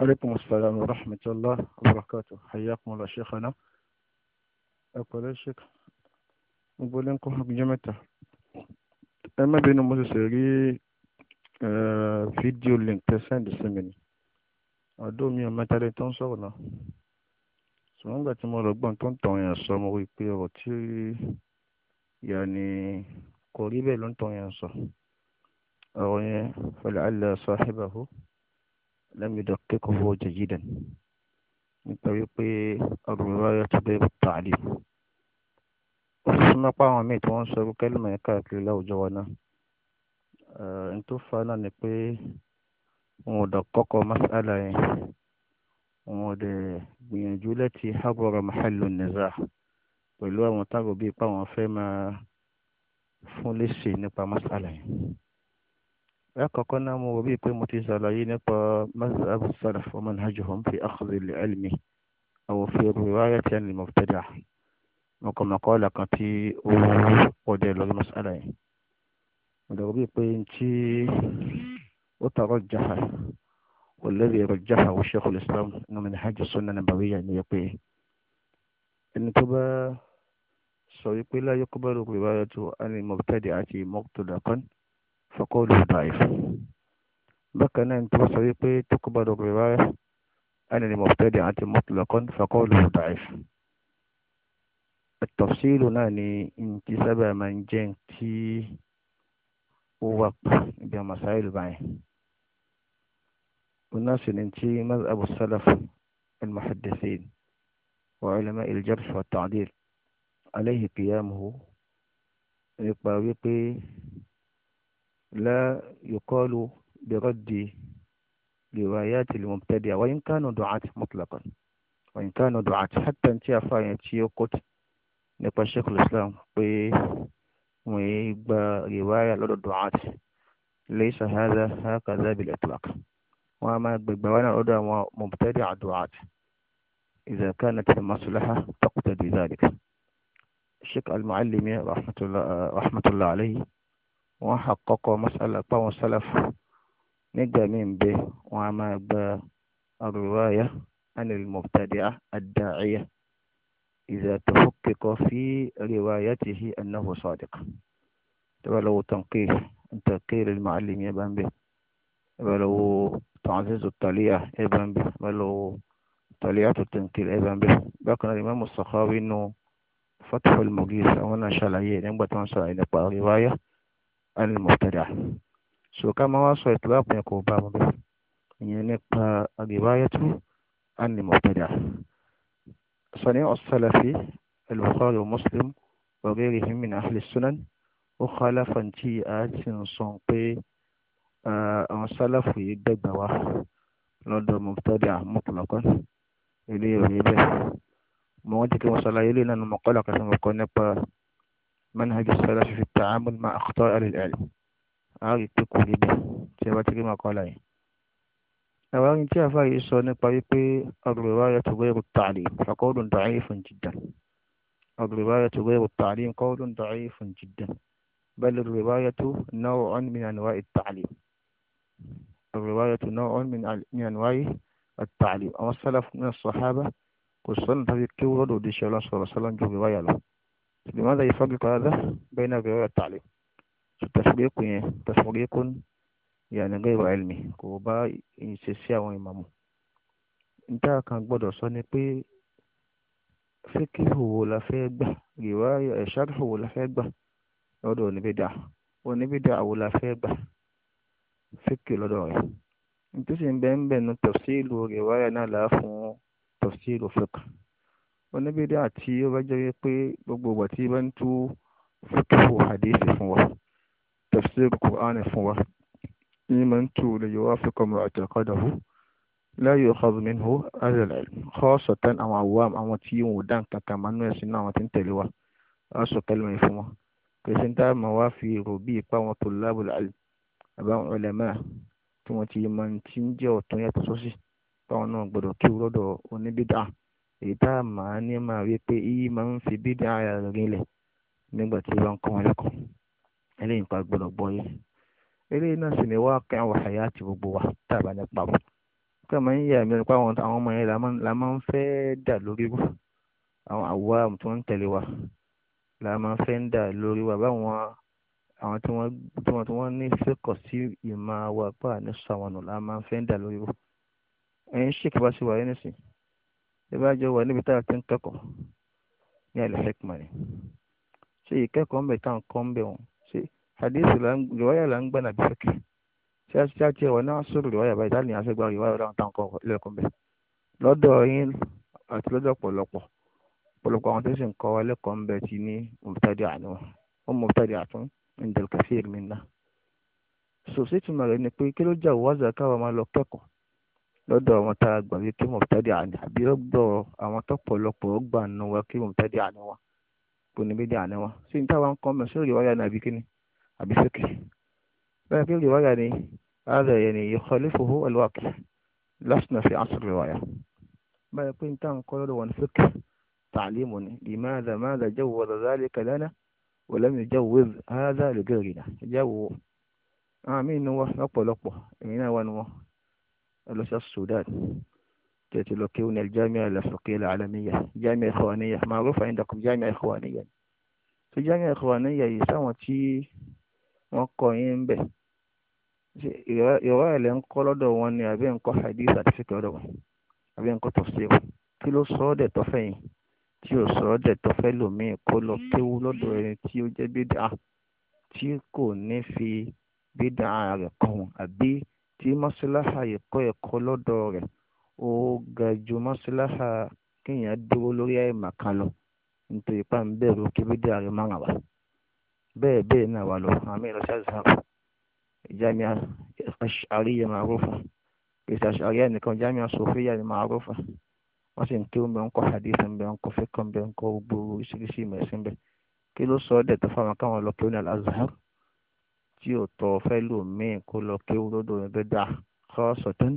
aleykum salaam wa rahmatulah wa barakatu hayakum ala sheikhana akọlẹ sheik gbogbo ilé ń kọ́ ọgbìnjẹ́ mẹ́ta ẹ má bínú mo ṣẹ̀ṣẹ̀ rí fídíò link tẹ sẹ́ndì sí mi ni ọdún mi ò mẹ́ta lè tó ń sọ̀rọ̀ náà ṣùgbọ́n nígbà tí mo lọ gbọ́n tó ń tàn yàn sọ mo rí i pé ọ̀rọ̀ tí yà ni kò rí bẹ́ẹ̀ ló ń tàn yàn sọ ọ̀rọ̀ yẹn fẹlẹ́ àlẹ́ sọ àhẹ́bàá lam yudakkiquhu jayidan nítorí pé ar-riwaya tudayyi'u at-ta'lim ó súnmọ́ pé àwọn míì tí wọ́n ń sọ kẹ́lìmọ̀ yẹn káàkiri láwùjọ wa náà n tó fa náà ni pé wọn ò dà kọ́kọ́ mas'ala yẹn wọn ò dẹ̀ gbìyànjú láti habara mahallu niza pẹ̀lú àwọn táwọn bíi pé àwọn fẹ́ máa fún léṣe nípa mas'ala yẹn lákọ̀ọ́kọ́ náà mo wò bíi pé mo ti ṣàlàyé nípa mazhab salaf wa manhajuhum fi akhdhi al-ilmi aw fi riwayati al-mubtada' mo kọ́ mọ̀kọ́lá kan tí ó pọ̀jẹ́ lórí mas'ala yẹn mo dẹ̀ wò bíi pé tí ó tọrọ jaha والذي رجحه الشيخ الإسلام أنه من حج السنة النبوية أن يقيه أن تبا سويق لا يقبل رواية عن المبتدعة مطلقا fọkọ́lù da'if bákan náà tó sọ wípé tó kọ́ bá dọ̀gbẹ̀ wá ẹni ni mọ̀tẹ́dẹ̀ àti mutlaqan fọkọ́lù da'if tọ̀síìlù náà ni ntí sábà máa ń jẹ́ tí ó wà pé ibi àmàsáìlù báyìí وناس ننتي مذهب السلف المحدثين وعلماء الجرح والتعديل عليه قيامه يقبل لا يقال برد روايات المبتدع وإن كانوا دعاة مطلقا وإن كانوا دعاة حتى أنت يا أفاين تيوكوت نقوى الشيخ الإسلام ويبا رواية لدى الدعاة ليس هذا هكذا بالإطلاق وما بوانا أدى مبتدع الدعاة إذا كانت المصلحة تقتدي ذلك الشيخ المعلمي رحمة الله, رحمة الله عليه wọ́n àkọ́kọ́ mọ́sálà páwọn sálàfù nígbà míì ń bẹ wọn a máa gba àrùwáyà anil mubtadi'a ad-da'iya idha tahaqaqa fi riwayatihi annahu sadiq tẹ́wọ́ lọ́wọ́ tànkì tànkì al-mu'allim yẹn bá ń bẹ tẹ́wọ́ lọ́wọ́ tàǹsíṣù tàlíyà yẹn bá ń bẹ tẹ́wọ́ lọ́wọ́ tàlíyà tó tànkì yẹn bá ń bẹ bákan náà Imam Sakhawi nù Fathul Mughith àwọn náà ṣàlàyé nígbà tí wọ́n ṣàlàyé nípa riwáyà. al-mubtada so ká máa wá sọ ìtura pẹ̀lú kò bá mu bẹ́ẹ̀ ìyẹn nípa al-riwayatu al-mubtada sani as-salafi al-bukhari wa muslim wa ghayrihim min ahli sunan ó khalafa tí a ti ń sọ pé àwọn sálàfù yìí dẹ́gbà wá lọ́dọ̀ mubtada mutlaqan ilé ìròyìn bẹ́ẹ̀ mo wọ́n ti kí wọ́n ṣàlàyé منهج السلف في التعامل مع أخطاء أهل العلم أهل pé kò به bẹ́ẹ̀ tí ẹ bá ti rí màkọ́lá yẹn. ẹ̀wá yen الرواية غير التعليم فقول ضعيف جدا الرواية غير التعليم قول ضعيف جدا بل الرواية نوع من أنواع التعليم الرواية نوع من أنواع التعليم أما السلف من الصحابة kò sọ́nà tàbí شاء الله صلى الله عليه وسلم جو رواية له لماذا يفرق هذا بين الرواية والتعليق تفريق تفريق يعني غير علمي kò bá ìṣesí àwọn ìmàmù níta kan gbọ́dọ̀ sọ ni pé fíkìhù wo la fẹ́ gbà rìwáyà ẹ̀ṣáàrù wo la fẹ́ gbà lọ́dọ̀ oníbìdà oníbìdà wo la fẹ́ gbà fíkì lọ́dọ̀ rẹ̀ nítorí bẹ́ẹ̀ ń bẹ̀ nu tafsilu rìwáyà náà là á fún tafsilu fíkì oníbídíà tí ó bá jẹ́ pé gbogbo ìgbà tí bá ń tú fúkìfù hadisi fún wa tafsir qur'ani fún wa ní máa ń tú lè yọ wá fi kọmọ àtẹ̀kọ́dọ̀hu láyé ọ̀kọ́dùnmínú azẹ̀lẹ̀ kọ́sọ̀tán àwọn àwòrán àwọn tí wọn ò dá nǹkan kan máa ń rẹ̀ sínú àwọn tí ń tẹ̀lé wa á sọ kẹlẹ́mì fún wọn kìí ṣe ń dáàmú wá fi rò bí ipa wọn tó lábùlà àlè àbáwọn ọlẹ́mà tí wọ́n ti máa ń ti ń jẹ́ ọ̀tún yàtọ̀ sósì báwọn náà gbọ́dọ̀ kí wọ́n lọ́dọ̀ èyí tá a máa ní máa rí pé iyì máa ń fi bídí ara rẹ̀ rinlẹ̀ nígbà tí wọ́n ń kọ́ wọn lẹ́kọ̀ọ́ eléyìí nípa gbọ́dọ̀ gbọ́ yìí eléyìí náà sì ni wọ́n á kẹ́ àwọn àyà àti gbogbo wa tá a bá ní pa bọ̀ kẹ́ máa ń yà mí nípa àwọn ọmọ yẹn la máa ń fẹ́ dà lórí wa àwọn àwa tí wọ́n ń tẹ̀lé wa la máa ń fẹ́ dà lórí wa báwọn àwọn tí wọ́n tí wọ́n tí wọ́n ní fẹ́kọ̀ sí ìmọ̀ wa pàà ní àwọn nù la máa ń fẹ́ dà lórí wa ẹ̀yin ṣèkí bá ṣe wà yẹn nísìnyí ẹ bá jọ wà níbi tá a ti ń kẹ́kọ̀ọ́ ní al-hikma ni ṣé ìkẹ́kọ̀ọ́ ń bẹ̀ tá à ń kọ́ ń bẹ̀ wọn ṣé hadith rìwáyà là ń gbà nàbí fẹ́kì ṣé àti ẹ̀wọ̀n náà sọ̀rọ̀ rìwáyà báyìí tá nìyà sẹ́gbà rìwáyà láwọn tá à ń kọ́ lẹ́kọ̀ọ́ bẹ̀ lọ́dọ̀ yín àti lọ́dọ̀ pọ̀lọpọ̀ pọ̀lọpọ̀ àwọn tó sì ń kọ́ wa lẹ́kọ̀ọ́ ń ti ní mọ̀tàdí lọ́dọ̀ àwọn tá a gbà wí kí mọ̀tádì àní àbí lọ́dọ̀ àwọn tọ́pọ̀lọpọ̀ gbà nù wa kí mọ̀tádì àní wa kò ní bídí àní wa sí ní táwa ń kọ́ mọ̀ sí òrìwá yà ní àbí kíni àbí sókè bẹ́ẹ̀ kí òrìwá yà ní ààrẹ yẹn ni yukhalifuhu al-waqi' lasna fi asr riwaya bẹ́ẹ̀ pé ní táwa ń kọ́ lọ́dọ̀ wọn sókè tàlímù ni limadha madha jawwaza dhalika lana wa lam yujawwiz hadha li ghayrina jáwọ́ àwọn míì nu wa lọ́pọ̀lọpọ̀ èmi náà wà nu wọn ẹlọsẹ Sudan tẹtí lọ kí wọn jami'a al-fiqhiyya al-'alamiyya jami'a ikhwaniyya ma'rufa indakum jami'a ikhwaniyya tó jami'a ikhwaniyya yìí sáwọn tí wọn kọ yín ń bẹ ìrọ̀ ẹ̀lẹ́ ń kọ́ lọ́dọ̀ wọn ni àbí ń kọ́ hadith àti fìkì lọ́dọ̀ wọn àbí ń kọ́ tafsir kí ló sọ ọ́ dẹ̀ tọ́fẹ́ yìí tí ò sọ ọ́ dẹ̀ tọ́fẹ́ lòmíì kó lọ kéwú lọ́dọ̀ ẹni tí ó jẹ́ bídà tí kò ní fi bídà rẹ̀ kọ́ wọn àbí tí mọ́sálásá ẹ̀kọ́ ẹ̀kọ́ lọ́dọ̀ rẹ̀ ó ga ju mọ́sálásá kéèyàn dúró lórí àìmọ̀ kan lọ nítorí pa ń bẹ̀rù kébédé ààrẹ máa ràn wá bẹ́ẹ̀ bẹ́ẹ̀ náà wà lọ àmì ìrọsẹ́ àzàr jamia àríyá máa rò fún kìsì àríyá nìkan jamia sòfíyà ni máa rò fún wọ́n sì ń kí omi ń kọ́ hadith ń bẹ ń kọ́ fẹ́kọ̀ bẹ ń gbogbo oríṣiríṣi ìmọ̀ ẹ̀sìn bẹ kí ló sọ ọ́ dẹ̀ tó fáwọn káwọn lọ kí ó ní al-Azhar tí ò tọ́ fẹ́lòmíì kó lọ kéwú lọ́dọ̀ orin tó dáa khasatan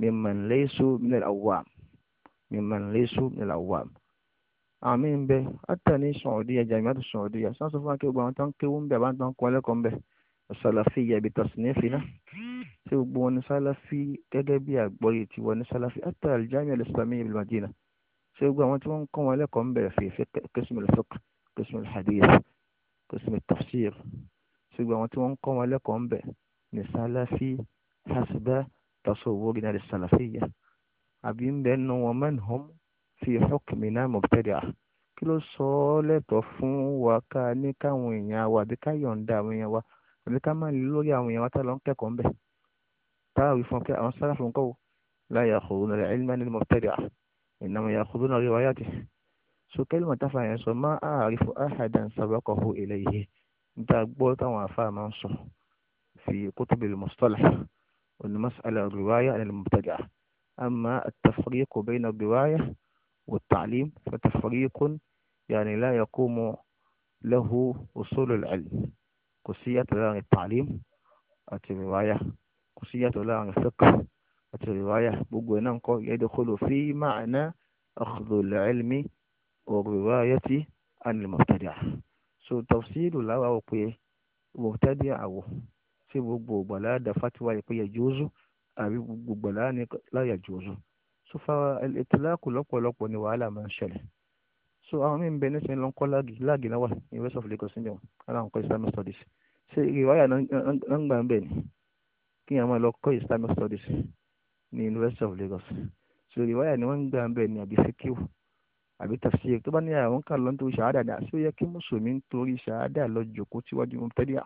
mimman laysu minal awwam mimman laysu minal awwam. àmì ń bẹ àtà ní Saudiya Jami'atu Saudiya sáà sọ fún wa kí gbogbo àwọn tó ń kéwú ń bẹ àbá tó ń kọ́ ẹlẹ́kọ̀ọ́ ń bẹ salafiyya bi tasnifina tí gbogbo wọn ní sálàfí gẹ́gẹ́ bí àgbọ́yé tí wọ́n ní sálàfí àtà al-Jami'a al Madina ṣé gbogbo àwọn tí wọ́n ń wọn lẹ́kọ̀ọ́ ń bẹ̀rẹ̀ fèèfé qism al-fiqh qism al tafsir ṣùgbọ́n àwọn tí wọ́n ń kọ́ wọn lẹ́kọ̀ọ́ ń bẹ̀ ní sálàfí hasibá tasawwuri náà lè sàlàfíyà àbí ń bẹ́ẹ̀ nu wọn man hum fi hukmina mubtadi'a kí ló sọ ọ́ lẹ́tọ̀ọ́ fún wa ká ní káwọn èèyàn wa àbí ká yọ̀ǹda àwọn èèyàn wa àbí ká má lè lórí àwọn èèyàn wa tá lọ ń kẹ́kọ̀ọ́ ń bẹ̀ táwọn wí fún àwọn sálàfù ń kọ́ wò la ya'khudhuna al-'ilma lil mubtadi'a innama انت اقبول طبعا فاهم انصر في كتب المصطلح وان مسألة الرواية عن المبتدعة اما التفريق بين الرواية والتعليم فتفريق يعني لا يقوم له اصول العلم قصية لا عن التعليم الرواية قصية لا عن الفقه الرواية بقوة يدخل في معنى أخذ العلم والرواية عن المبتدعة so tafsiru láwa ò pé mọ̀tẹ́dì àwọ̀ sí gbogbo ògbàlá da fatiwa yìí pé yẹ jóòzù àbí gbogbo ògbàlá ni láyà jóòzù so fa ìtìláàkù lọ́pọ̀lọpọ̀ ni wàhálà máa ń ṣẹlẹ̀ so àwọn míì ń bẹ nísìnyí ló ń kọ́ láàgì láàgì of Lagos níjọ aláwọn kọ́ Islamic studies ṣe ìwáyà náà ń gbà ń bẹ̀ ni kí máa lọ kọ́ Islamic studies ní university of Lagos so ìwáyà ni wọ́n ń gbà ń bẹ̀ ni àbí fíkíwù àbí tafsir tó bá ní àwọn kan lọ nítorí ṣàádà ni àṣé ó yẹ kí mùsùlùmí nítorí ṣàádà lọ jókòó tíwájú mubtadi'a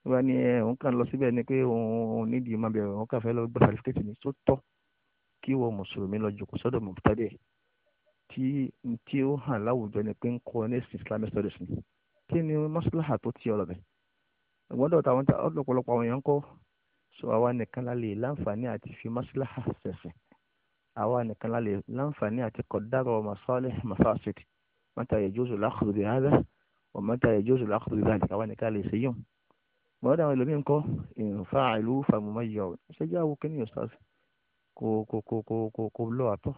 tó bá ní òun kan lọ síbẹ̀ ni pé òun nídìí máa bẹ̀rẹ̀ òun kàn fẹ́ lọ gba sàtífíkẹ́tì ní tó tọ́ kí wọ́n mùsùlùmí lọ jókòó sọ́dọ̀ mubtadi'a tí tí ó hàn láwùjọ ni pé ń kọ́ ní islamic studies ni kí ni maslaha tó ti ọ̀rọ̀ bẹ̀ gbọ́dọ̀ táwọn ọ̀pọ̀lọpọ̀ àwọn èèyàn ń kọ́ sọ àwa nìkan lálẹ́ láǹfààní أوان كان لنفني أتقدر ومصالح مفاسد متى يجوز الأخذ بهذا ومتى يجوز الأخذ بذلك أوان كان لسيوم مرد ما يلومين كو إن فاعلوا فمميعوا سجاو كني أستاذ كو كو كو كو كو كو لو أتو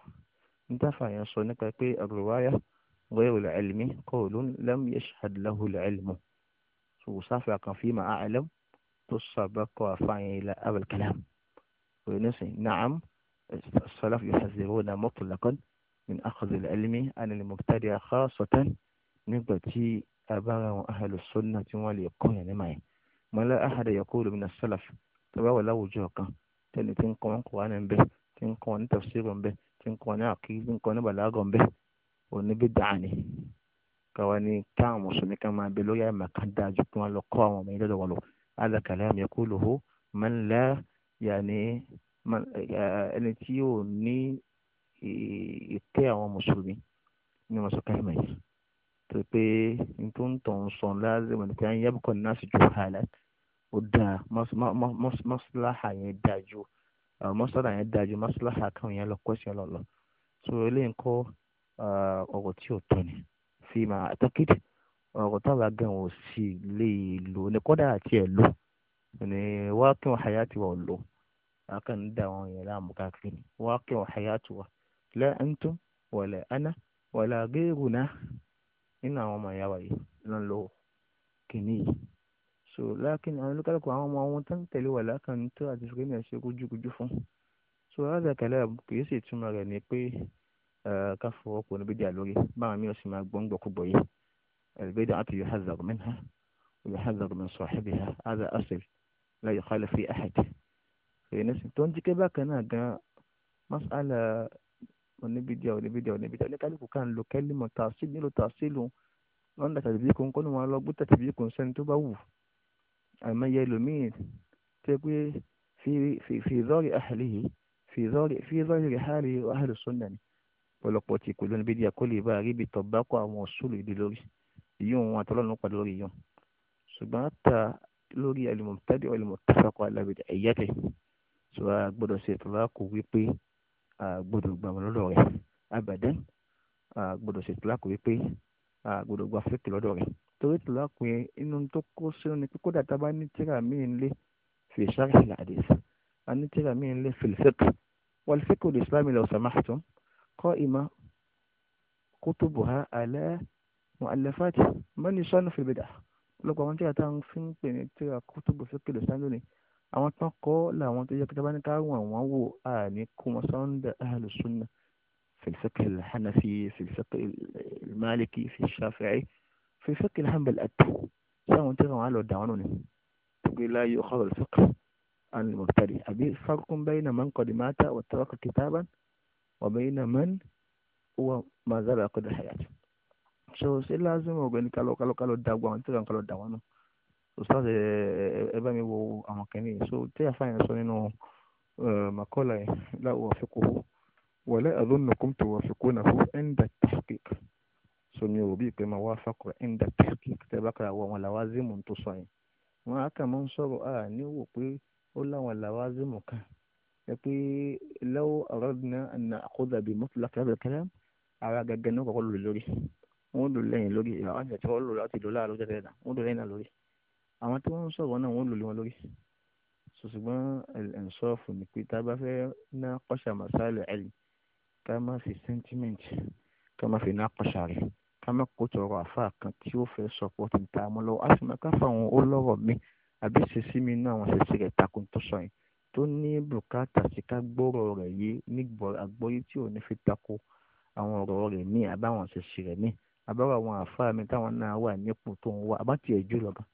انتفع ينصنك في الرواية غير العلم قول لم يشهد له العلم وصافي كان فيما أعلم تصبق وفعل أبو الكلام ونسي نعم السلف يحذرون مطلقا من أخذ العلم عن المبتدع خاصة nígbà tí a bá ra àwọn ahàlù sunna tí wọ́n lè kọ́ yẹn nímọ̀ yẹn mọ́lá ahàdà yaqulu min as-salaf tó bá wà láwùjọ kan tẹ́ni tí ń kọ́ wọn kọ́ wọn ní bẹ́ẹ̀ tí ń kọ́ wọn ní tafsir ń bẹ́ẹ̀ tí ń kọ́ wọn ní àkíyí tí ń kọ́ wọn ní balaagọ̀ ń bẹ́ẹ̀ òní bí dàní káwa ní káwọn mùsùlùmí kan máa bẹ lórí àmà kan dáa ju kí wọ́n lọ kọ́ àwọn ọmọ yẹn lọ́dọ̀ wọn lọ ẹni tí yóò ní ìtẹ́ àwọn mùsùlùmí ní wọn sọ káyìmọ̀ yìí tó pé n tó ń tàn sọ lázìmọ̀ ní káyìmọ̀ yẹ́bù kan náà sì ju hàlẹ́ ó dáa mọ́sálàhà yẹn dáa ju mọ́sálàhà yẹn dáa ju mọ́sálàhà kan yẹn lọ kọ́sí ọlọ́lọ́ tó eléyìí kọ́ ọ̀rọ̀ tí ò tọ́ ni fi máa àtọ́kìtì ọ̀rọ̀ táwa gan ò sì lè lò ní kọ́dà àti ẹ̀ lò ní wákìwọ̀n hayati wà ò lò. لكن دعوني لا مكافئني واقع حياته لا أنتم ولا أنا ولا غيرنا إن وما يوي لن له كني سو لكن أنا لك أنا ما أنتم تلي ولا كن تأذيني أشيء كجوج جفون سو هذا كلام كيس يتم عليني كي آه، كفو كون بديالوجي ما أمي أسمع بون بكوبي البدعة يحذر منها ويحذر من صاحبها هذا أصل لا يخالف في أحد ṣe nísìn tó ń jí kébà kan náà gan masala oníbídíà oníbídíà oníbídíà oníkálukú kan lo kẹ́límọ̀ tàṣílù nílò tàṣílù wọn dà tàbí kò ń kọ́ ní wọn lọ gbé tàbí kò ń sẹ́ni tó bá wù àmọ́yẹ ẹlòmíì tó yẹ pé fi zọ́ọ̀rì ahlihi fi zọ́ọ̀rì fi zọ́ọ̀rì hali ahli sunna ni pọ̀lọpọ̀ ti kò lónìí bídíà kó lè bá a rí ibi tọ̀ bá kọ àwọn òṣùlù ìdí lórí ìyóhun àtọ́lọ́run pàdé lórí ìyóhun ṣùgbọ́n ta lórí al-mubtadi' wal-muttafaq ala so a gbọ́dọ̀ ṣe ìfọwọ́ kò wípé a gbọ́dọ̀ gbà wọ́n lọ́dọ̀ rẹ̀ abadan a gbọ́dọ̀ ṣe ìfọwọ́ kò wípé a gbọ́dọ̀ gbà fíkì lọ́dọ̀ rẹ̀ torí ìfọwọ́ kò yẹn inú tó kó sínú ni pé kódà tá a bá ní tíra míì lé fi sharh a ní tíra míì lé fi al-fiqh wal-fiqh al-islami law samahtum qa'ima kutubuha ala mu'allafati man yusannu fi al-bid'ah lọ́pọ̀ àwọn tíra táwọn fi ń pè ní tíra kutubu fiqh al-islami lónìí àwọn tán kọ́ làwọn tó yẹ kí tábà ní ká wọ̀n wọ́n wò á ní kó wọn sọ́ńdà ahlus sunnah في الفقه الحنفي في الفقه المالكي في الشافعي في الفقه الحنبل أتو سامو تغم على الدعوانون تقول لا يؤخذ الفقه عن المبتدئ أبي فرق بين من قد مات وترك كتابا وبين من هو ما زال قد الحياة so sai lazima ga ni kalo kalo kalo dagwa wani turan kalo da wani ustaz ẹ bá mi wo àwọn kìíní so tí àfáà yẹn sọ nínú makọ́lá yẹn láwọ àfikún wala adhunnukum tuwafiqunahu inda tahqiq so mi ò bí pé máa wá fàkọ̀ inda tahqiq tẹ́ bá kàrà wọ àwọn làwázìmù tó sọ yẹn wọn á kà máa ń sọ̀rọ̀ à ní wò pé ó láwọn làwázìmù kan ẹ pé law aradna an na'khudha bi mutlaq hadha al-kalam ara gẹ́gẹ́ náà kọ́kọ́ lò lórí wọ́n lò lẹ́yìn lórí àwọn àjẹtí wọ́n lò láti lò láàrú tẹ́tẹ́ náà wọ́n lò lẹ́yìn náà lórí àwọn tí wọ́n ń sọ̀rọ̀ náà wọ́n lò lé wọn lórí ṣùgbọ́n ẹ̀ǹsọ́ọ̀fù ni pé tá a bá fẹ́ ná kọ́ṣà màsáàlì ẹ̀lì ká má fi sentiment ká má fi ná kọ́ṣà rẹ̀ ká má kó tọrọ àfa kan tí ó fẹ́ support ní ta mọ́ lọ́wọ́ a sì máa ká fáwọn ó lọ́rọ̀ mi àbí ṣèṣì mi náà àwọn ṣèṣì rẹ̀ takùn tó sọ yẹn tó ní bùkátà sí ká gbọ́rọ̀ rẹ̀ yé nígbọ́ àgbọ́yé tí ò ní fi tako àwọn ọ̀rọ̀ rẹ̀ ní àbáwọn ṣèṣì rẹ̀ ní àbáwọn àfa mi táwọn náà wà nípò tó ń wá àbátì ẹ̀jú lọ́gàn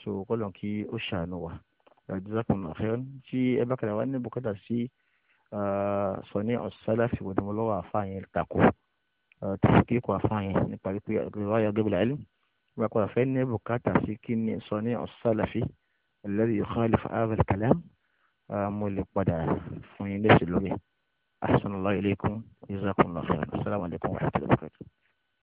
so kọ́lọ̀ kí ó ṣàánú wa jazakumullahu khairan tí ẹ bá kàdà wá ní bùkátà sí sọ̀ní ọ̀sálàfì wọ̀dọ̀mọlọ́wọ́ àfààyàn tako tàfikíkọ̀ àfààyàn nípa wípé riwaya gẹ́gbẹ̀lá ẹ̀lú gbàgbọ́ àfẹ́ ní bùkátà sí kí ni sọ̀ní ọ̀sálàfì alladhi yukhalifu hadha al-kalam mo lè padà fún yín lẹ́sìn lórí ahsanallahu ilaykum jazakumullahu khairan assalamu wa rahmatullahi wa barakatuh.